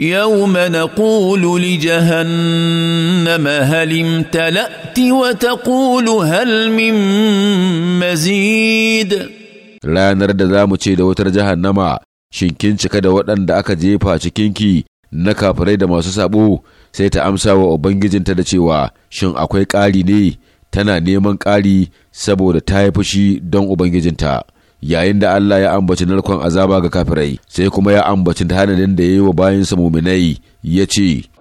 يوم نقول لجهنم هل امتلأت وتقول هل من مزيد ranar da za mu ce da wutar jahannama shin kin cika da waɗanda aka jefa cikinki na kafirai da masu sabo sai ta amsa wa ubangijinta da cewa shin akwai ƙari ne tana neman ƙari saboda ta yi fushi don ubangijinta yayin da Allah ya ambaci narkon azaba ga kafirai sai kuma ya ambaci tanadin da ya yi wa bayansa muminai ya ce